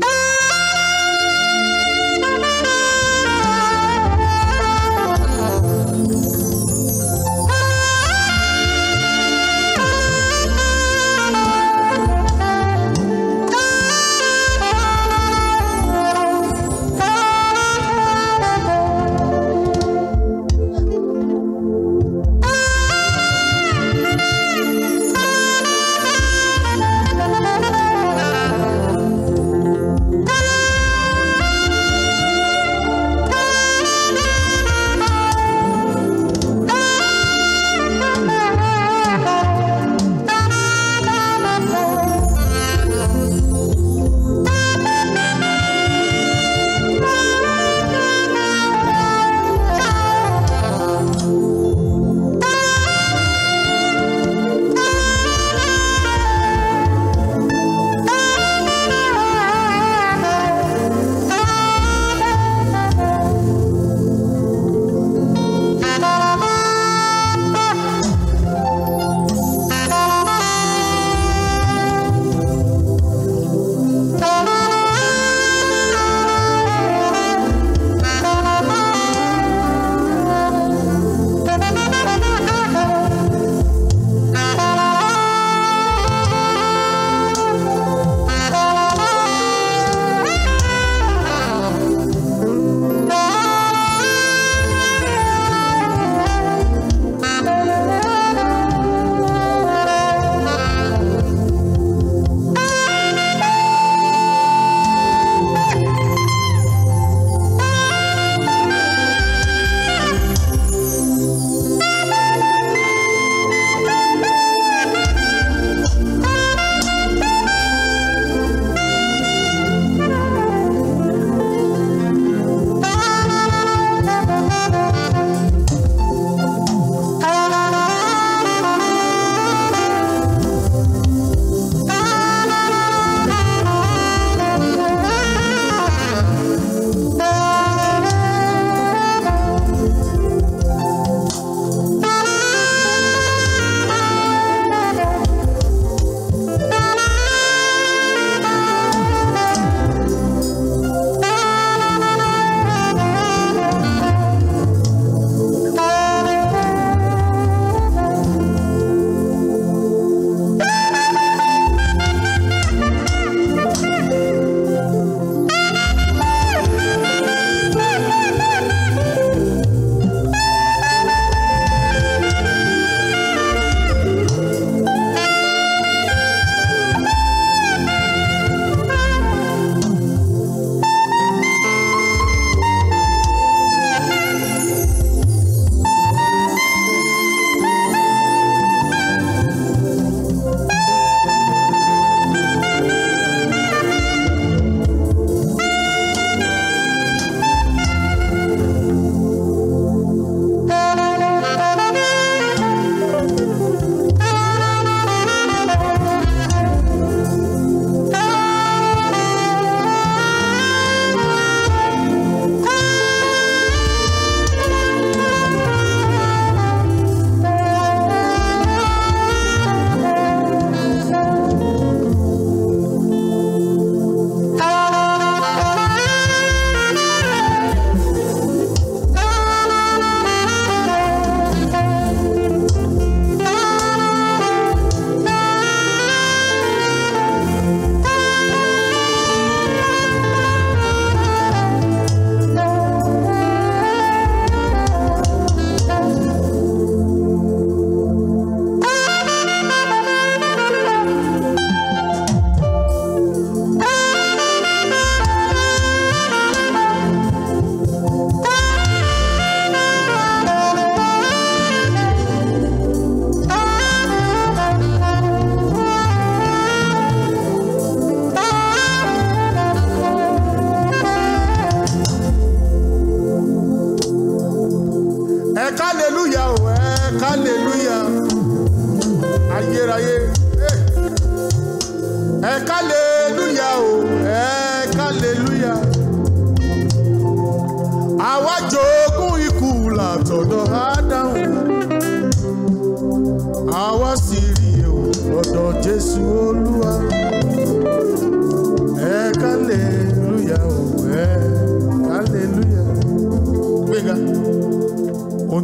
Ah!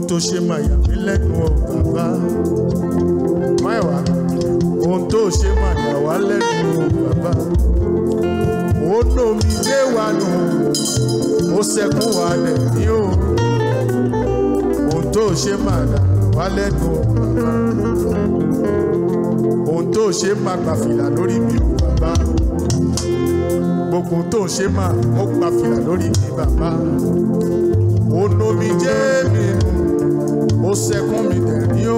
tó ṣe máa yà mí lẹ́nu o bàbá máìwá ohun tó ṣe máa yà wá lẹ́nu o bàbá ó nà mí dé wa nù ó sẹ́kún wa lẹ̀ ní o ohun tó ṣe máa yà wá lẹ́nu o bàbá ohun tó ṣe máa gbà fìlà lórí mi o bàbá gbogbo tó ṣe máa ó gbà fìlà lórí mi bàbá ó nà jẹ́ mi nù ó sẹkún mi dẹ̀rín o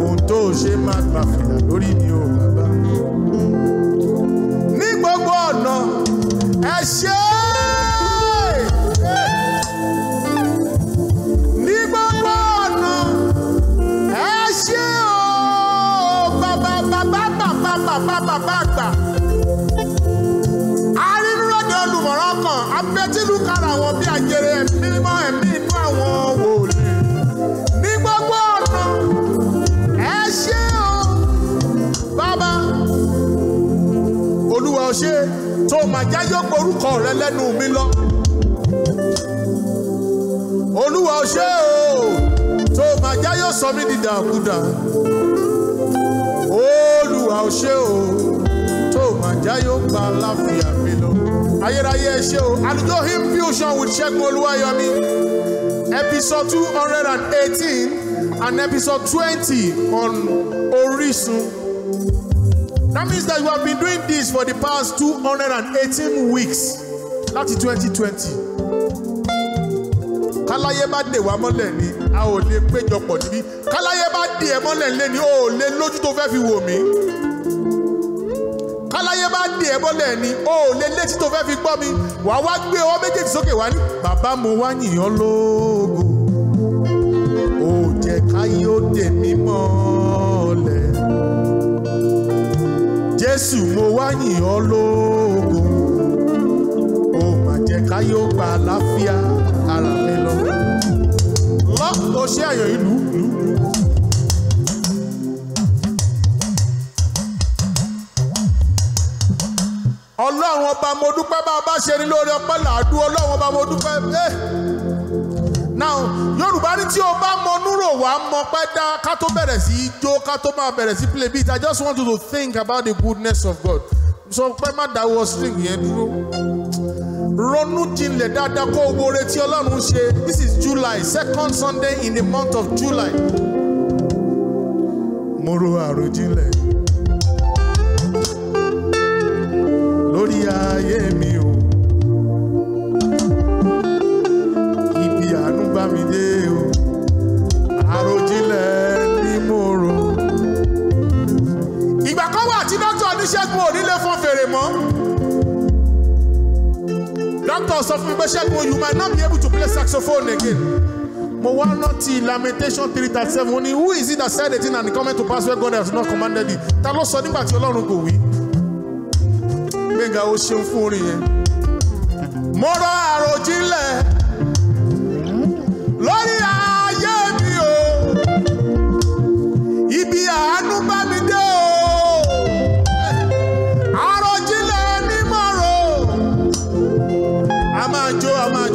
ohun tó o ṣe máa gbà fìlà lórí mi o bàbá. ní gbogbo ọ̀nà ẹ ṣe é. bàbá àgbà arínúlọ́dẹ olùmọ̀ràn kan abẹ́tílù kára wọn bí ajá. mà jẹ́ yóò gborúkọ rẹ lẹ́nu mi lọ. olúwa o o tó mà jẹ́ yóò sọ mí di dàkúdà. olúwa o o tó mà jẹ́ yóò gba láfíà mi lọ. ayérayé ẹ ṣé o àlùjọ hymn fusion with ṣẹ́gun olúwayọ̀mí episode two hundred and eighteen and episode twenty on Orisun. That means that you have been doing this for the past 218 weeks láti 2020. Káláyé bá dè wá mọ́lẹ̀ ni a ò lè péjọpọ̀ níbí. Káláyé bá dè ẹ́ mọ́lẹ̀ lé ni o ò lè lójú tó fẹ́ fi wò mí. Káláyé bá dè ẹ́ mọ́lẹ̀ ni o ò lè létí tó fẹ́ fi gbọ́ mi. Wà wá gbé ọwọ́ méjèèjì sókè wá ní. Bàbá mo wá yìnyín lógo. Ó jẹ́ káyé ó dè mí mọ́. Jésù mo wá yìn ọ́ lógo ó mà jẹ́ káyé ó gba àlàáfíà ara mi lọ. lọ́ o ṣe àyàn ìlú ọlọ́run ọba mo dúpẹ́ bá a bá ṣe ní lórí ọpẹ́ làádú ọlọ́run ọba mo dúpẹ́. Eh! now ní tí o bá mọ núrò wá mọ pẹ́ dá ká tó bẹ̀rẹ̀ sí í jó ká tó máa bẹ̀rẹ̀ sí play beat I just want you to think about the goodness of God sọ pé má dáwọ́ string yẹn dúró ronú jinlẹ̀ dáadáa kó o retí Ọlọ́run ṣe this is July second Sunday in the month of July mo ro àròjinlẹ̀ lórí ayé mi. pásítọ̀ sọ fún mi pé ṣẹ́gun you might not be able to play saxophone again. mo wá rántí lamentation three thirty seven ó who is it that said a thing and come to pass where God has not commanded it ta ló sọ nígbà tí ọlọ́run kò wí. gbẹ̀ngà ó ṣeun fún orin yẹn. mo rọ àròjinlẹ̀.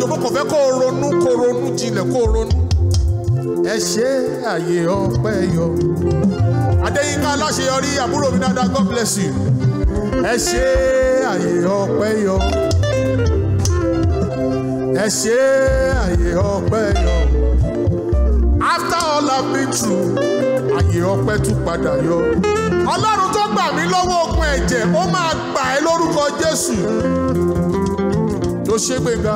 àjò mo fẹ́ kó ronú kó ronú jinlẹ̀ kó ronú. ẹ ṣe àyè ọpẹ́ yọ. adéyínká aláṣeyọrí àbúrò mi dáadáa god bless you. ẹ ṣe àyè ọpẹ́ yọ. ẹ ṣe àyè ọpẹ́ yọ. after all I've been through àyè ọpẹ́ tún padà yọ. ọlọ́run tó gbà mí lọ́wọ́ ogun ẹ̀jẹ̀ ó máa gbà ẹ́ lórúkọ jésù tó ṣégbéga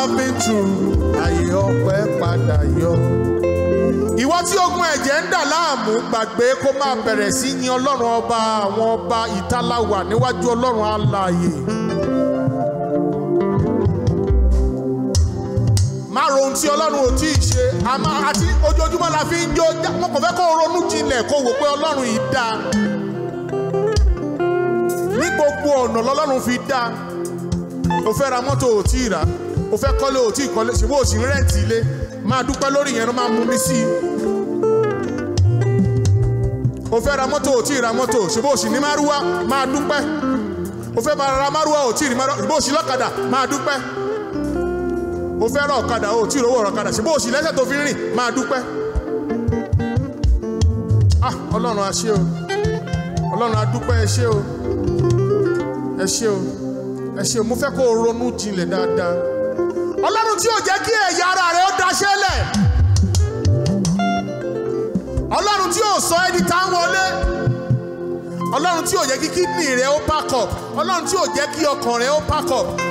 sábìtù àyè ọpẹ́ padà yọ. ìwọ tí ogun ẹ̀jẹ̀ ń dà láàmú gbàgbé kó máa bẹ̀rẹ̀ sí yin ọlọ́run ọba àwọn ọba ìtaláwà níwájú ọlọ́run alààyè. má ohun tí ọlọ́run ò tí ì ṣe àti ojoojúmọ́ la fi ń jó wọn kò fẹ́ kó ronú jinlẹ̀ kó wò pé ọlọ́run yìí dáa ní gbogbo ọ̀nà lọ́lọ́run fi dáa o ra mọ́tò ò tí ì rà o fẹ́ kọ́lé o tí ìkọ́lé ṣe bó o sì ń rẹ́ǹtì ilé máa dúpẹ́ lórí yẹn ló máa mú mi sí i o fẹ́ ra mọ́tò o tí ì ra mọ́tò ṣe bó o sì ní márúwá máa dúpẹ́ o fẹ́ ra márúwá o tí ì rí márúwá ṣe bó o sì lọ́kadà máa dúpẹ́ o fẹ́ ra ọ̀kadà o tí ì rówó ọ̀kadà ṣe bó o lẹ́sẹ̀ tó fi rìn máa dúpẹ́ ah ọlọ́run a ṣé o ọlọ́run a dúpẹ́ ẹ ṣé o ẹ o ẹ o mo fẹ́ kó o ronú jinlẹ̀ dáadáa ọlọ́run tí ò jẹ́ kí ẹ̀yà ara rẹ̀ ó daṣẹ́lẹ̀ ọlọ́run tí ò sọ ẹni tá ń wọlé ọlọ́run tí ò jẹ́ kí kídìní rẹ ó pack ọlọ́run tí ò jẹ́ kí ọkàn rẹ ó pack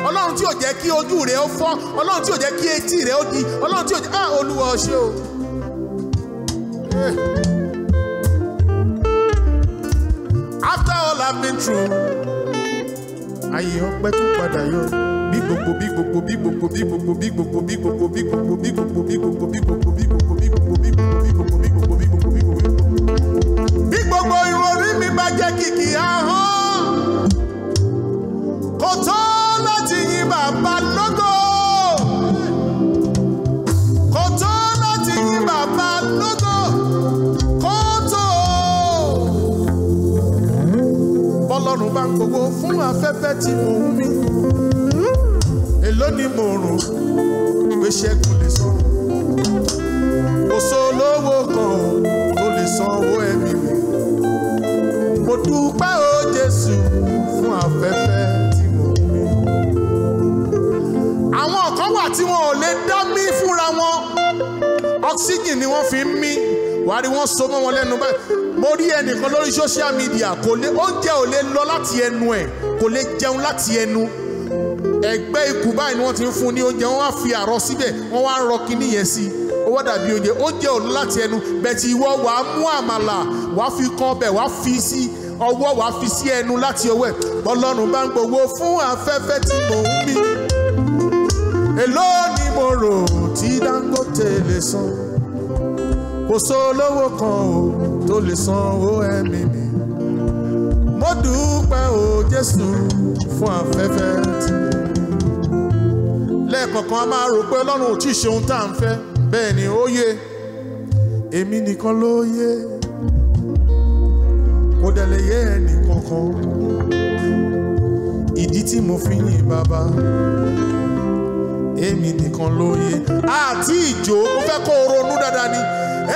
ọlọ́run tí ò jẹ́ kí ojú rẹ ó fọ́ ọlọ́run tí ò jẹ́ kí etí rẹ ó di ọlọ́run tí ò jẹ́ ah, olúwa o o. after all I've been through ayé ọpẹ́ tún padà yóò bí gbogbo ìròrí mi bá jẹ́ kìkì ahọ́n kò tó láti yin bàbá lógo kò tó láti yin bàbá lógo kò tó. bọ́lọ́run bá ń gbogbo fún afẹ́fẹ́ tí mò ń mí lónìí mò ń rò pé ṣẹ́gun lè sọ kò sólówó kan tó lè sanwó ẹ̀mí mi mo dúpẹ́ o Jésù fún afẹ́fẹ́ tí mo mí. àwọn kan wà tí wọn ò lè dá mí fúnra wọn oxygen ni wọ́n fi ń mí wàá wọ́n so mọ́ wọn lẹ́nu báyìí mo rí ẹnìkan lórí social media kò lè oúnjẹ ò lè lọ láti ẹnu ẹ̀ kò lè jẹun láti ẹnu ẹgbẹ́ ikùn báyìí ni wọ́n ti ń fún ní oúnjẹ wọ́n wá fi àrọ síbẹ̀ wọ́n wá rọ kinní yẹn sí i ó dàbí oúnjẹ oúnjẹ ò láti ẹnu bẹ̀tì ìwọ wà á mú àmàlà wà fi kan ọbẹ̀ wà fi sí ọwọ́ wà fi sí ẹnu láti ọwọ́ ẹ̀ ọlọ́run bá ń gbowó fún afẹ́fẹ́ tí mò ń mí èló ni mo rò tí Dangote lè san kò sólówó kan o tó lè san owó ẹ̀mí mi mo dúpẹ́ o Jésù fún afẹ́fẹ́ tí mò ń mí lẹ́ẹ̀kọ̀ọ̀kan a máa rò pé ọlọ́run ò tí ì ṣe ohun tá à ń fẹ́ bẹ́ẹ̀ ni ó yé èmi nìkan ló yé kò dẹ̀ lè yé ẹnì ìdí tí mo fi yìn bàbá èmi nìkan ló yé àti ìjò mo fẹ́ kó ronú dáadáa ni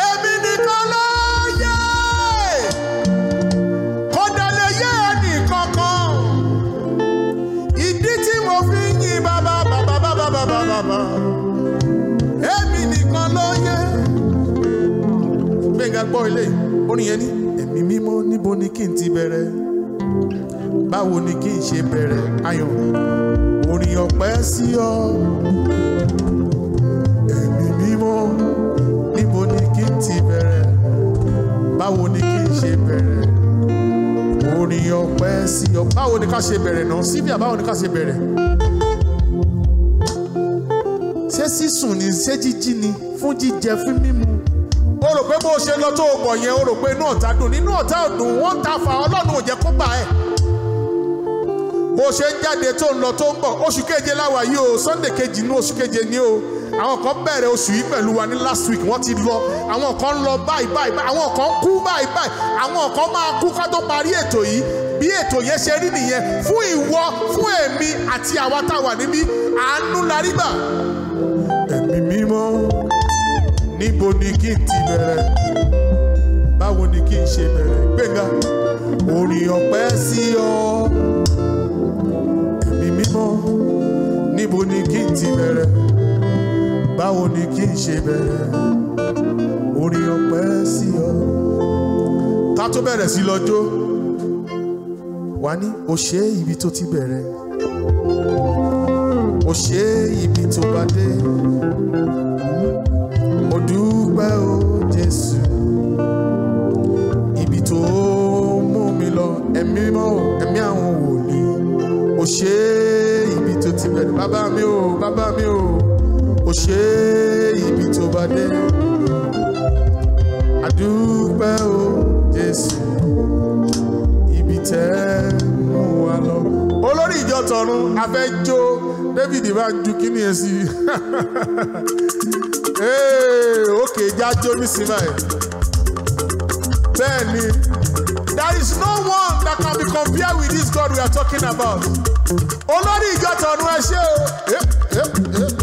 èmi gbọ́ ilé orin yẹn ní ẹ̀mí mímọ́ níbo ni kí n ti bẹ̀rẹ̀ báwo ni kí n ṣe bẹ̀rẹ̀ ayọ̀ orin ọpẹ́ sí ọ ẹ̀mí mímọ́ níbo ni kí n ti bẹ̀rẹ̀ báwo ni kí n ṣe bẹ̀rẹ̀ orin ọpẹ́ sí ọ báwo ni ká ṣe bẹ̀rẹ̀ náà síbíà báwo ni ká ṣe bẹ̀rẹ̀ ṣé sísùn ni ṣé jíjí ni fún jíjẹ fún mímu o rò pé bó o ṣe lọ tó o bọ̀ yẹn o rò pé inú ọ̀tá dùn nínú ọ̀tá ọ̀dùn wọ́n ń ta fa ọlọ́run ò kó gbà ẹ̀ bó o ṣe ń jáde tó ń lọ tó ń bọ̀ oṣù keje láwa yìí o sunday kejì ní oṣù keje ní o àwọn kan bẹ̀rẹ̀ oṣù yìí pẹ̀lú wa ní last week wọ́n ti lọ àwọn kan ń lọ báyìí báyìí àwọn kan kú báyìí báyìí àwọn kan máa kú ká tó parí ètò yìí bí ètò yẹn ṣe rí nìyẹn fún ìwọ fún èmi àti àwa tá níbí àánú la rí gbà ẹ̀mí mímọ́ níbo ni kí n ti bẹ̀rẹ̀ báwo ni kí n ṣe bẹ̀rẹ̀ gbẹ̀ngà orin ọpẹ́ sí ọ ẹ̀mí mímọ́ níbo ni kí n ti bẹ̀rẹ̀ báwo ni kí n ṣe bẹ̀rẹ̀ orin ọpẹ́ sí ọ ká tó bẹ̀rẹ̀ sí lọ́jọ́ wà ní o ṣe ibi tó ti bẹ̀rẹ̀ o ṣe ibi tó bá dé dúpẹ́ o Jésù ibi tó mú mi lọ ẹ̀mí mọ́ ẹ̀mí àwọn wòlíì o ṣe ibi tó ti bẹ̀rẹ̀ bàbá mi o bàbá mi o o ṣe ibi tó bá dé a o Jésù ibi tẹ́ mú wa lọ olórí ìjọ tọ̀run a jó. David bá ju kíní yẹn sí i ókè jájó nísìnyí báyìí bẹ́ẹ̀ ni there is no one that can be compared with this God we are talking about olórí ìjọ tọ̀nù ẹ ṣé o. Eh, eh, eh.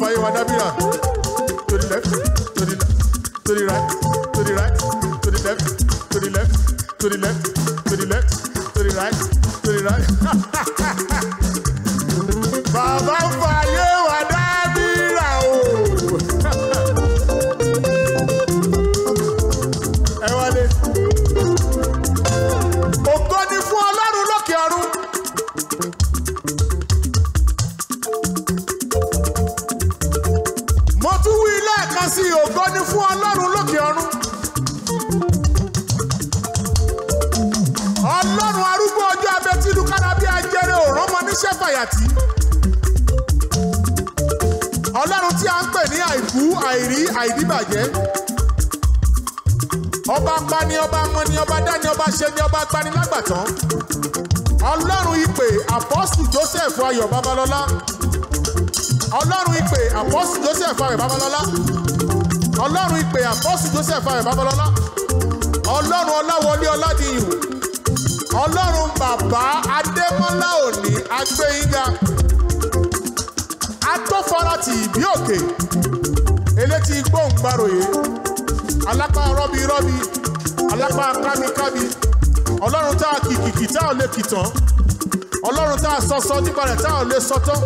for you wanna? babalọ́lá ọlọ́run ìpè àpọ́sù joseph àwẹ̀ babalọ́lá ọlọ́run ìpè àpọ́sù joseph àwẹ̀ babalọ́lá ọlọ́run ọláwọlé ọládìyù ọlọ́run bàbá adémọ́lá òní agbẹ́yìnga atófara ti ìbí òkè elétí gbóǹgbàròyé alápá rọ́bì alápá kámikámi ọlọ́run tá a kìkìkì tá a lè kìtàn ọlọ́run tá a sọ sọ nípa rẹ̀ tá a lè sọ tán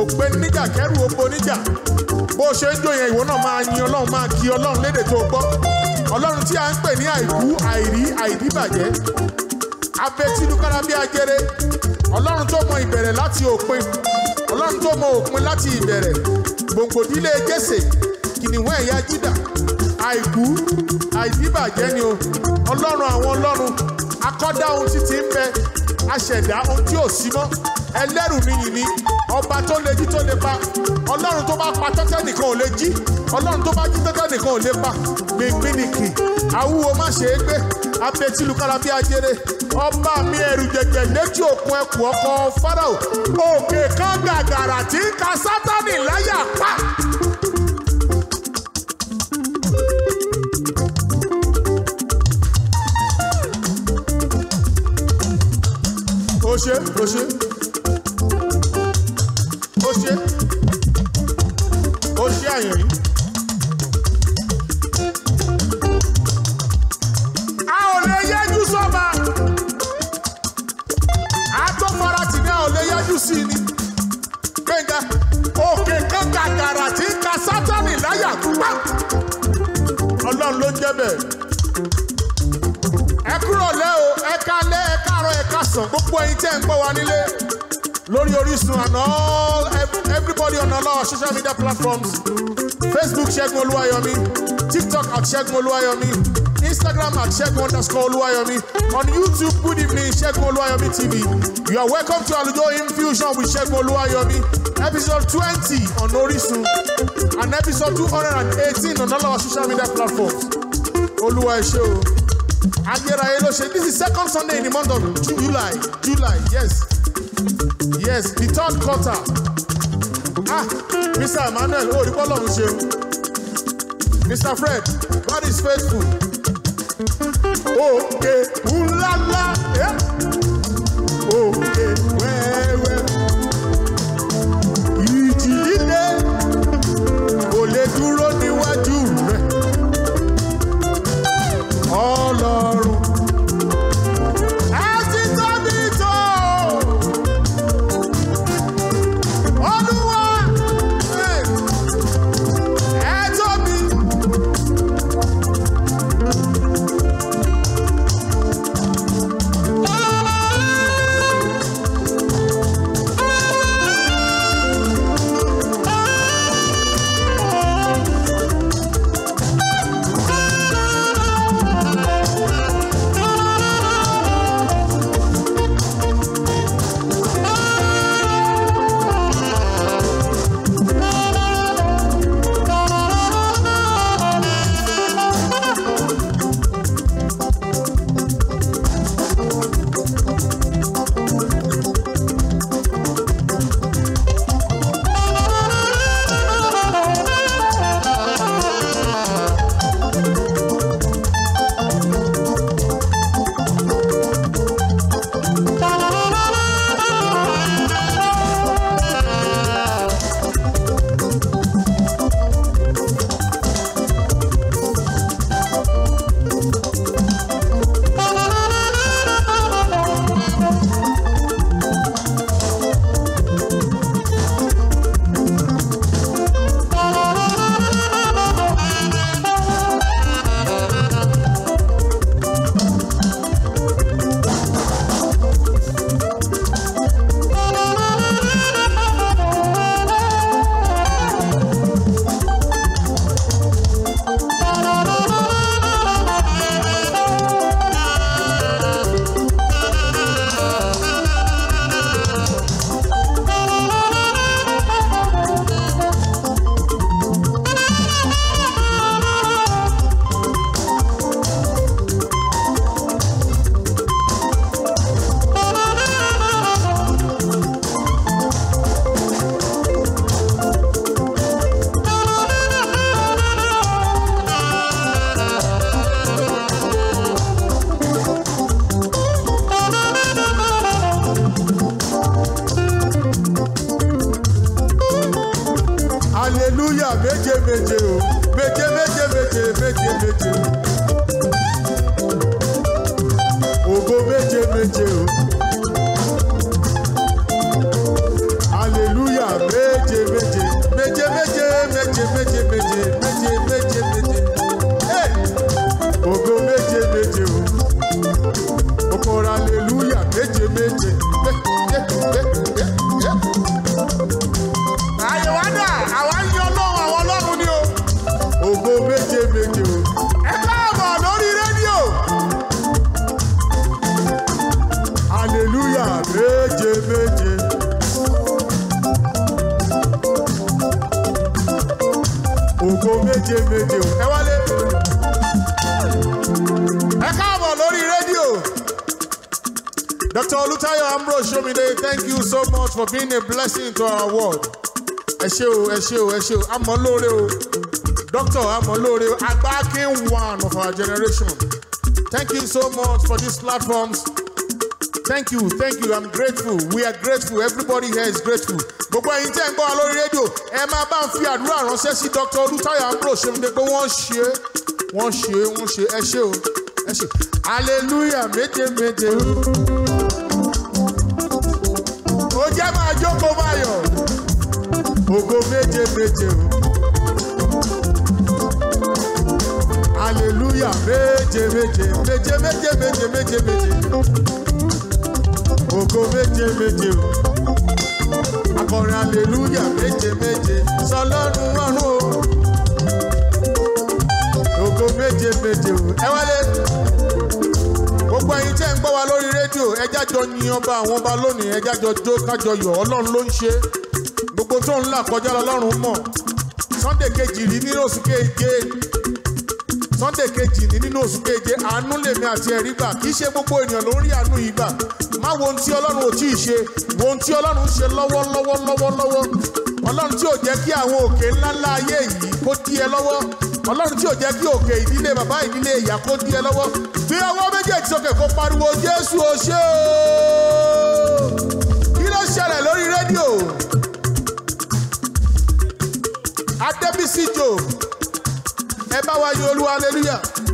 ògbé níjà kẹrù ògbó níjà bó o ṣe ń jó yẹn ìwọ náà máa yin ọlọ́run máa kí ọlọ́run lédè tó gbọ́ ọlọ́run tí a ń pè ní àìkú àìrí àìdíbàjẹ́ abẹ́tìlúkára bí ajere ọlọ́run tó mọ ìbẹ̀rẹ̀ láti òpin ọlọ́run tó mọ òpin láti ìbẹ̀rẹ̀ gbòǹgbòdílé jésè kìnìún ẹ̀yà jídà àìkú àìdíbàjẹ́ ni ọlọ́run àwọn ọlọ́run akọ́dá ohun tí ti ń bẹ aṣẹ̀dá ohun tí ò sí mọ́ ẹlẹ́rù nìyí ni ọba tó lè jí tó lè pa ọlọ́run tó bá pa tẹ́tẹ́ nìkan ò lè jí ọlọ́run tó bá jí tẹ́tẹ́ nìkan ò lè pa gbìngbìn nìkì awúwo má ṣe é gbé abẹ́tìlúkára bí ajere ọba mi ẹ̀rù jẹ̀jẹ̀ létí òkun ẹ̀kú ọkọ̀ fáráò òkè kan gàgàrà tí ń ka sátánì láyà pa. ó ṣe ó ṣe ayin. a ò lè yẹ́jú sọ́ba a tó fara tì ní a ò lè yẹ́jú sí i ni gbẹ̀ngà òkè kan gàgàrà tí ń ka sátánì láyà túbà ọlọ́run ló jẹ́ bẹ́ẹ̀ ẹ kúrò lẹ́ o ẹ kalẹ́ láàárọ̀ ẹ kásán gbogbo ẹ̀yin tẹ́ ń gbọ́ wa nílé lórí Orísun and all everybody on all our social media platforms Facebook Ṣẹ́gun Olúwayọ̀mí TikTok at Ṣẹ́gun Olúwayọ̀mí Instagram at Ṣẹ́gun underscore Olúwayọ̀mí on YouTube Good Evening Ṣẹ́gun Olúwayọ̀mí TV you are welcome to Alujo Infusion with Ṣẹ́gun Olúwayọ̀mí episode twenty on Orísun and episode two hundred and eighteen on all our social media platforms Olúwa ẹ ṣé o ayérayé ló ṣe this is second sunday in the month of july july yes yes the third quarter ah mr emmanuel oh, the bọ́lọ̀ ń ṣe mr fred god is faithful Okay, òkè ńláńlá. Yeah. ṣe o àmọ́ lóore o doctor àmọ́ lóore o agbakin one of our generation thank you so much for these platforms thank you thank you i'm grateful we are grateful everybody here is grateful gbogbo ẹ̀yin tẹ́ ń gbọ́ wa lórí rédíò ẹ máa bá ń fi àdúrà ránṣẹ́ sí dr olùtayọ ambrose ṣèmídé pé wọ́n ṣe wọ́n ṣe wọ́n ṣe ẹ ṣe o ẹ ṣe hallelujah méje méje o jẹ́ máa jókòó báyọ̀ ògo méje méje o. Aleluya méje méje méje méje méje méje méje. Ògo méje méje o. Akọrin aleluya méje méje sọlọ́run ọ̀run o. Ògo méje méje o. Ẹ wálé gbogbo ẹ̀yin tẹ́ ń gbọ́ wa lórí rédíò ẹ jájọ ní ọba àwọn ọba lónìí ẹ jájọ jó kájọ yọ̀ ọlọ́run ló ń ṣe tó ń là kọjá lọ́rùn mọ̀ Sunday kejì rí nínú oṣù keje Sunday kejì ní nínú oṣù keje àánú lèmi àti ẹ̀rí gbà kì í ṣe gbogbo ènìyàn ló ń rí àánú yìí gbà má wo ohun tí ọlọ́run ò tí ì ṣe wo ohun tí ọlọ́run ń ṣe lọ́wọ́lọ́wọ́ lọ́wọ́lọ́wọ́ ọlọ́run tí ò jẹ́ kí àwọn òkè ńláńlá ayé yìí kó dí ẹ lọ́wọ́ ọlọ́run tí ò jẹ́ kí òkè ìdílé bàbá ìdílé ìyá kó dí ẹ lọ́wọ́ fi ọwọ́ méjèèjì sókè kó pariwo jésù o sí Job ẹ bá wa yọ Olúwa hallelujah.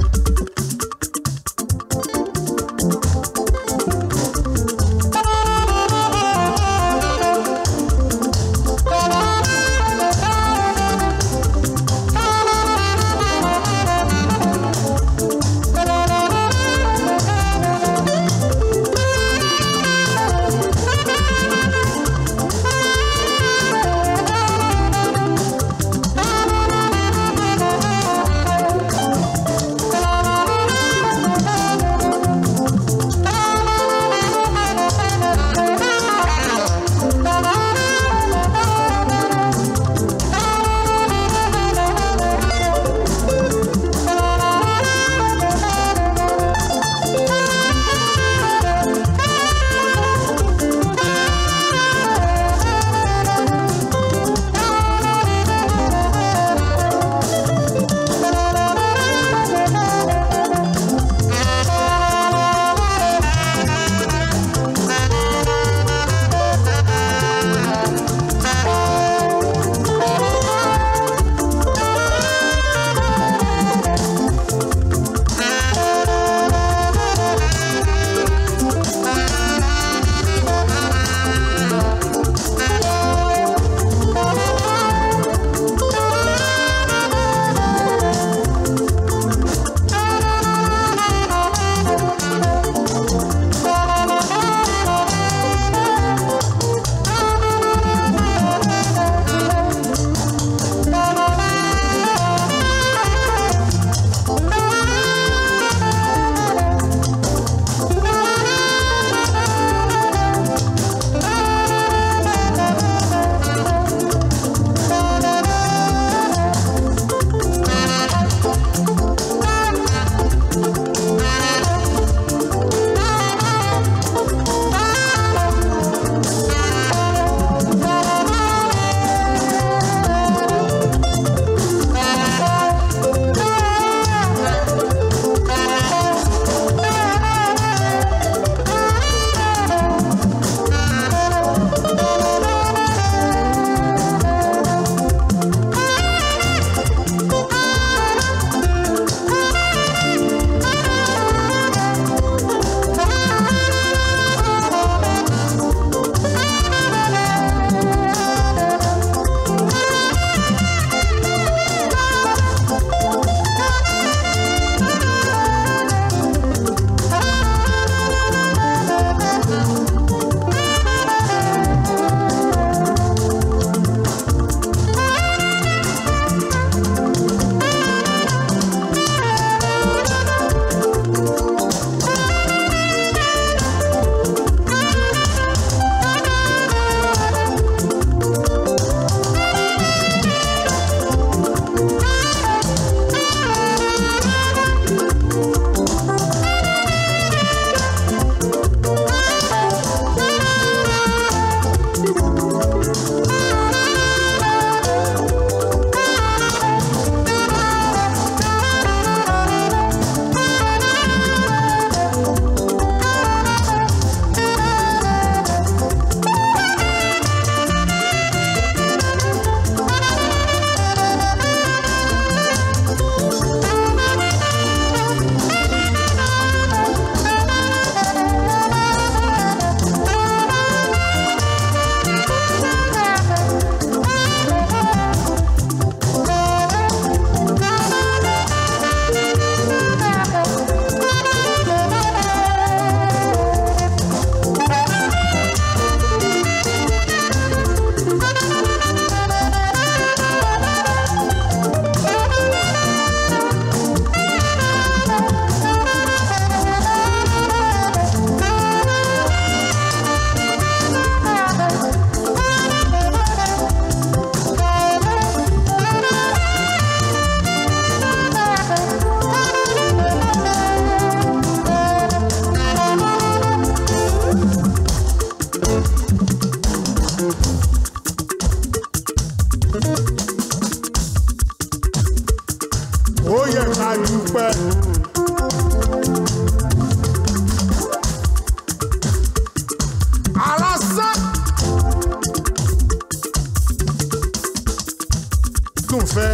atẹ́gùn fẹ́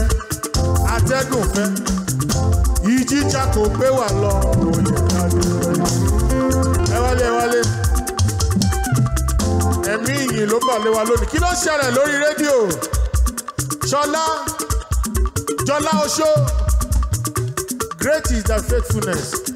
atẹ́gùn fẹ́ ìjíjà kò gbé wà lọ lóyè ẹ wálé ẹ wálé ẹ̀mí ìyìn ló bà lé wa lónìí kí ló ṣẹlẹ̀ lórí rédíò ṣọlá jọlá oṣó great is thy faithfulness.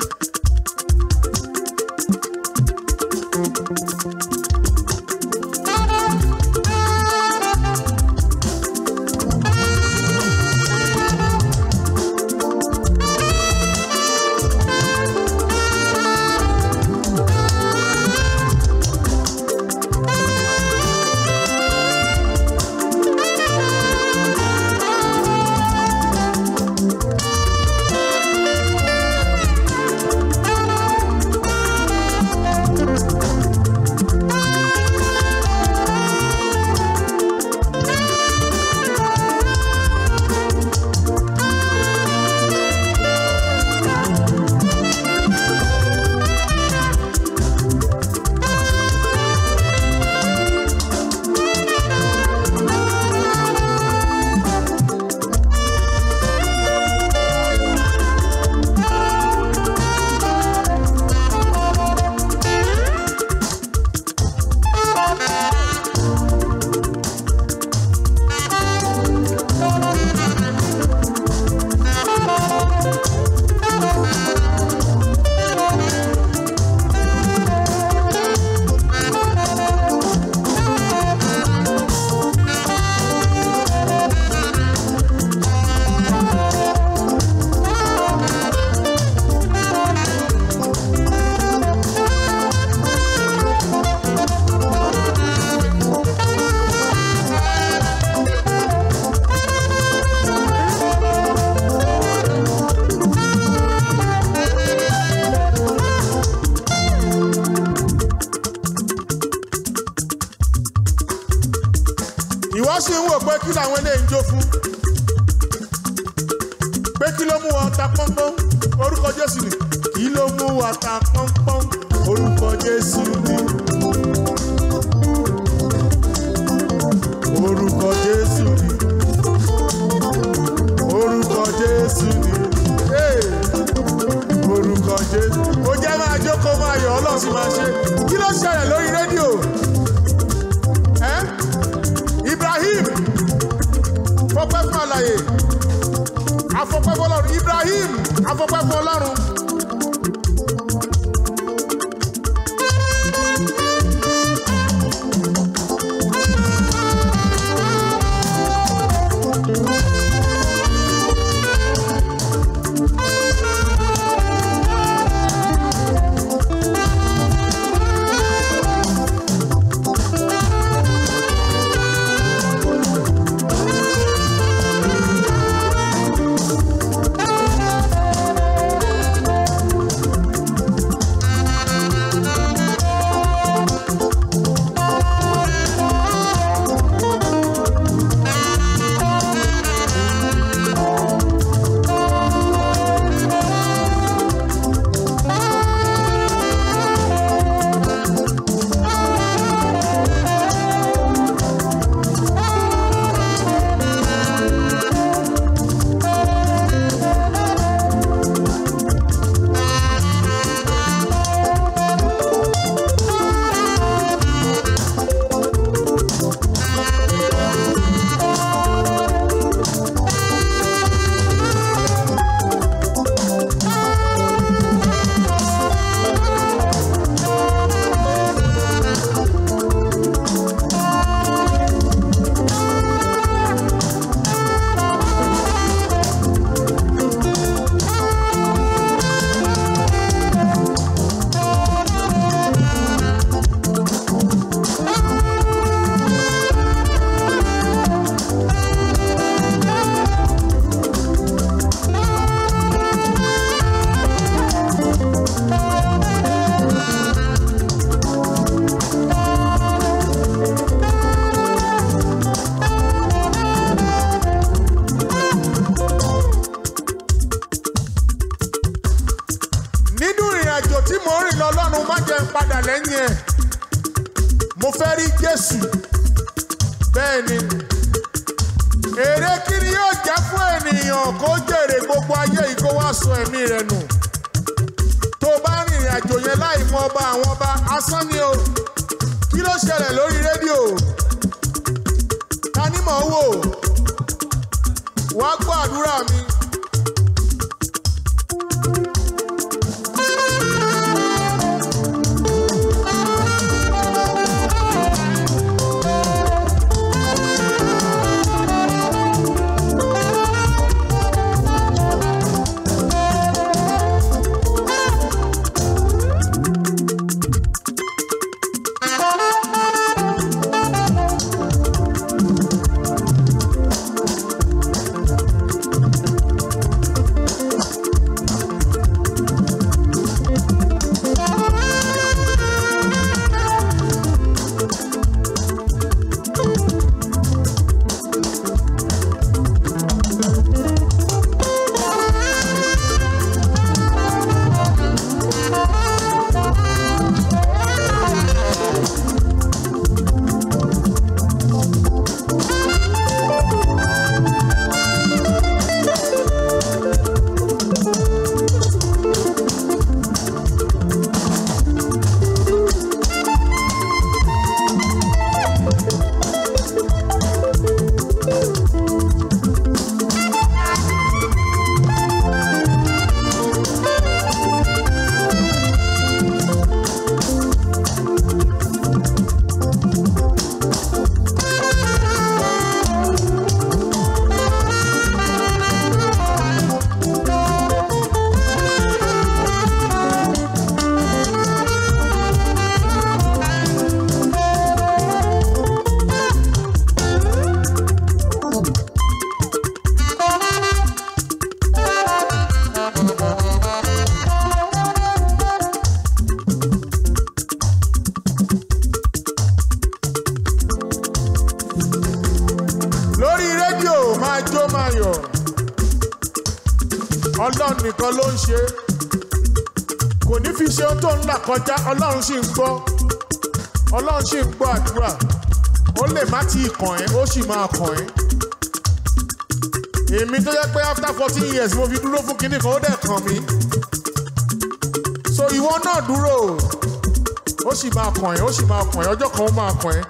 ó sì máa kàn ẹ́ ó sì máa kàn ẹ́ ọjọ́ kan ó máa kàn ẹ́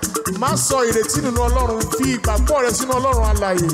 má sọ ìrètí nínú ọlọ́run fi ìgbàgbọ́ rẹ sínú ọlọ́run alààyè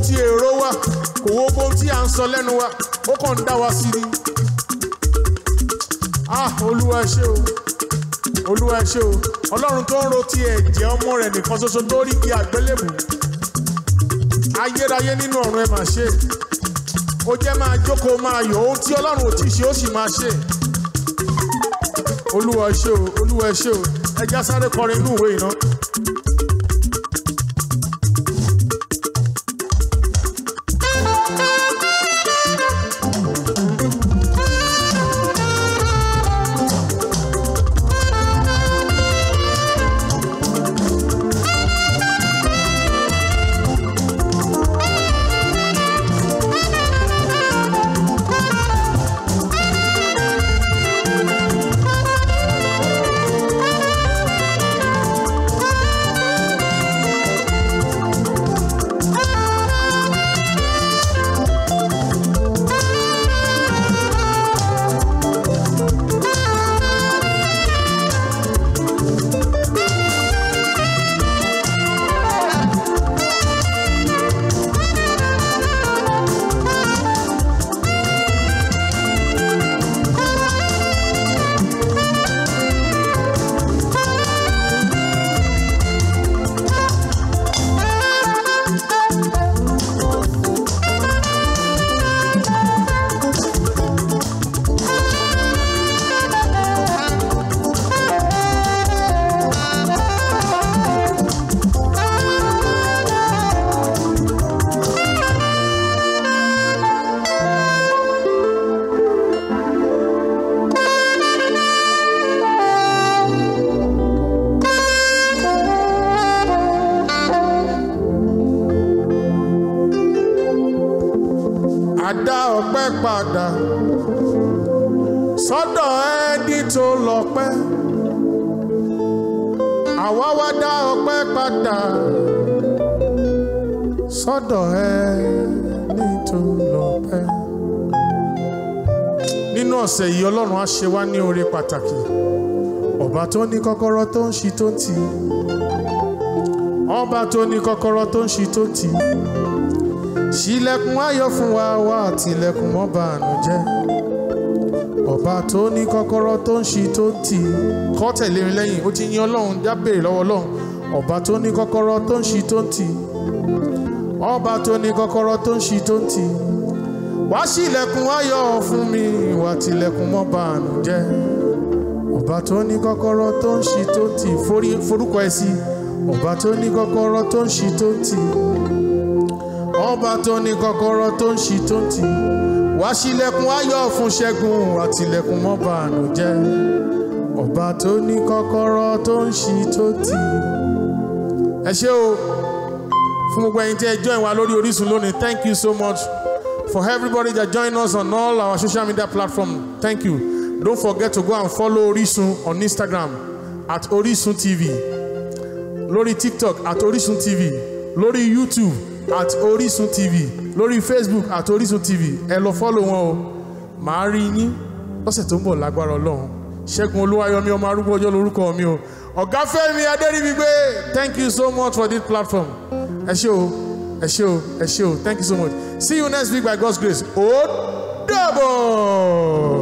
tí èrò wà kò wo bóun tí à ń sọ lẹ́nu wa ó kàn ń dá wa sí ni. ah olúwa ẹ ṣé o olúwa ẹ ṣé o ọlọ́run tó ń ro ti ẹ̀jẹ̀ ọmọ rẹ̀ nìkan ṣoṣo tó rí igi àgbélébù ayérayé nínú ọ̀run ẹ mà ṣe ó jẹ́ máa jókòó máa yọ̀ ohun tí ọlọ́run ò tí ṣe ó sì máa ṣe olúwa ẹ o olúwa ẹ o ẹ sáré kọrin inú ìwé ìná. nínú ọ̀sẹ̀ yìí ọlọ́run á ṣe wá ní oore pàtàkì ọba tó ní kọ́kọ́rọ́ tó ń ṣí tó ń tì ọba tó ní kọ́kọ́rọ́ tó ń ṣí tó ń ṣílẹ̀kùn ayọ̀ fún wa wá àtìlẹ̀kùn mọ́ bànújẹ́ ọba tó ní kọ́kọ́rọ́ tó ń ṣí tó ń tì kọ́ tẹ̀lé mi lẹ́yìn ó ti yin ọlọ́run dábèrè lọ́wọ́ ọlọ́run ọba tó ní kọ́kọ́rọ́ tó ń ṣí tó ń tì ọba tó ní kọ́kọ́rọ́ tó ń ṣí tó ń tì wá ṣílẹ̀kùn ayọ̀ fún mi wá tilẹ̀kùn mọ́ bànújẹ́ ọba tó ní kọ́kọ́rọ́ tó ń ṣí tó ti forúkọ ẹ̀ sí ọba tó ní kọ́kọ́rọ́ tó ń ṣí tó tì ọba tó ní kọ́kọ́rọ́ tó ń ṣí tó tì wá ṣílẹ̀kùn ayọ̀ fún ṣẹ́gun wá tilẹ̀kùn mọ́ bànújẹ́ ọba tó ní kọ́kọ́rọ́ tó ń ṣí tó tì ẹ ṣé o fún gbogbo ẹ̀yin tí ẹ join wa lórí Orísun lónìí thank you so much. For everybody that join us on all our social media platform, thank you. Don't forget to go and follow Orisun on Instagram at Orisun TV. Lori TikTok at Orisun TV. Lori YouTube at Orisun TV. Lori Facebook at Orisun TV. Ẹ lọ follow wọn o. Màá rí yín lọ́sẹ̀ tó ń bọ̀ lágbára Ọlọ́run. Ṣẹ́gun Olúwayọ̀mí ọmọ arúgbó ọjọ́ lórúkọ mi o. Ọ̀gá Fẹ́mi thank you so much for this platform. Ẹ ṣé o, ẹ ṣé o, ẹ ṣé o, thank you so much. See you next week by God's grace. Oh, double.